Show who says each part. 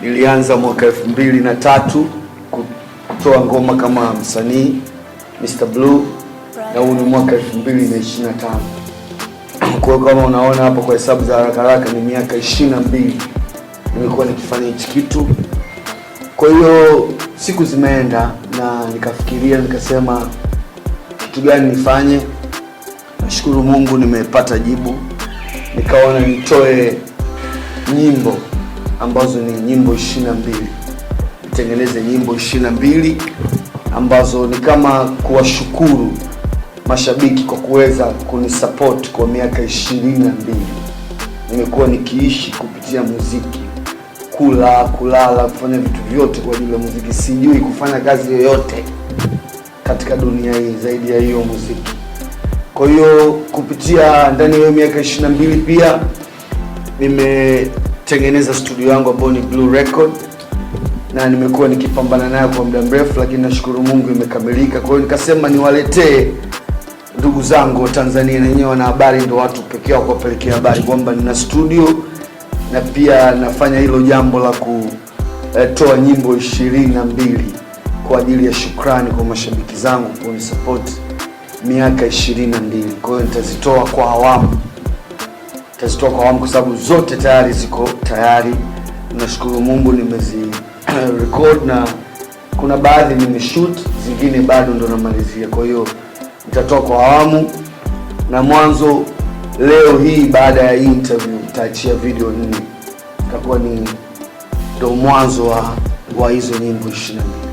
Speaker 1: Nilianza mwaka elfu mbili na tatu kutoa ngoma kama msanii Mr. Blue na huu ni mwaka elfu mbili na ishirini na tano kwa kama unaona hapo kwa hesabu za haraka haraka ni miaka ishirini na mbili nimekuwa nikifanya hichi kitu. Kwa hiyo siku zimeenda na nikafikiria nikasema, kitu gani nifanye? Nashukuru Mungu nimepata jibu, nikaona nitoe nyimbo ambazo ni nyimbo 22 na nyimbo 22 mbili ambazo ni kama kuwashukuru mashabiki kwa kuweza kunisupport kwa miaka 22 Nimekuwa nikiishi kupitia muziki, kula, kulala, kufanya vitu vyote kwa ajili ya muziki. Sijui kufanya kazi yoyote katika dunia hii zaidi ya hiyo muziki. Kwa hiyo kupitia ndani ya hiyo miaka 22 pia nime kutengeneza studio yangu ambayo ni Blue Record, na nimekuwa nikipambana nayo kwa muda mrefu, lakini nashukuru Mungu imekamilika. Kwa hiyo nikasema niwaletee ndugu zangu wa Tanzania na wenyewe wana habari, ndio watu pekee wa kuwapelekea habari kwamba nina studio na pia nafanya hilo jambo la kutoa eh, nyimbo ishirini na mbili kwa ajili ya shukrani kwa mashabiki zangu kunisupport miaka ishirini na mbili. Kwa hiyo nitazitoa kwa awamu. Stockholm kwa sababu zote tayari ziko tayari. Nashukuru Mungu nimezi record na kuna baadhi nimeshoot, zingine bado ndo namalizia. Kwa hiyo nitatoa kwa awamu, na mwanzo leo hii baada ya interview nitaachia video nne, itakuwa ni ndo mwanzo wa, wa hizo nyimbo 22.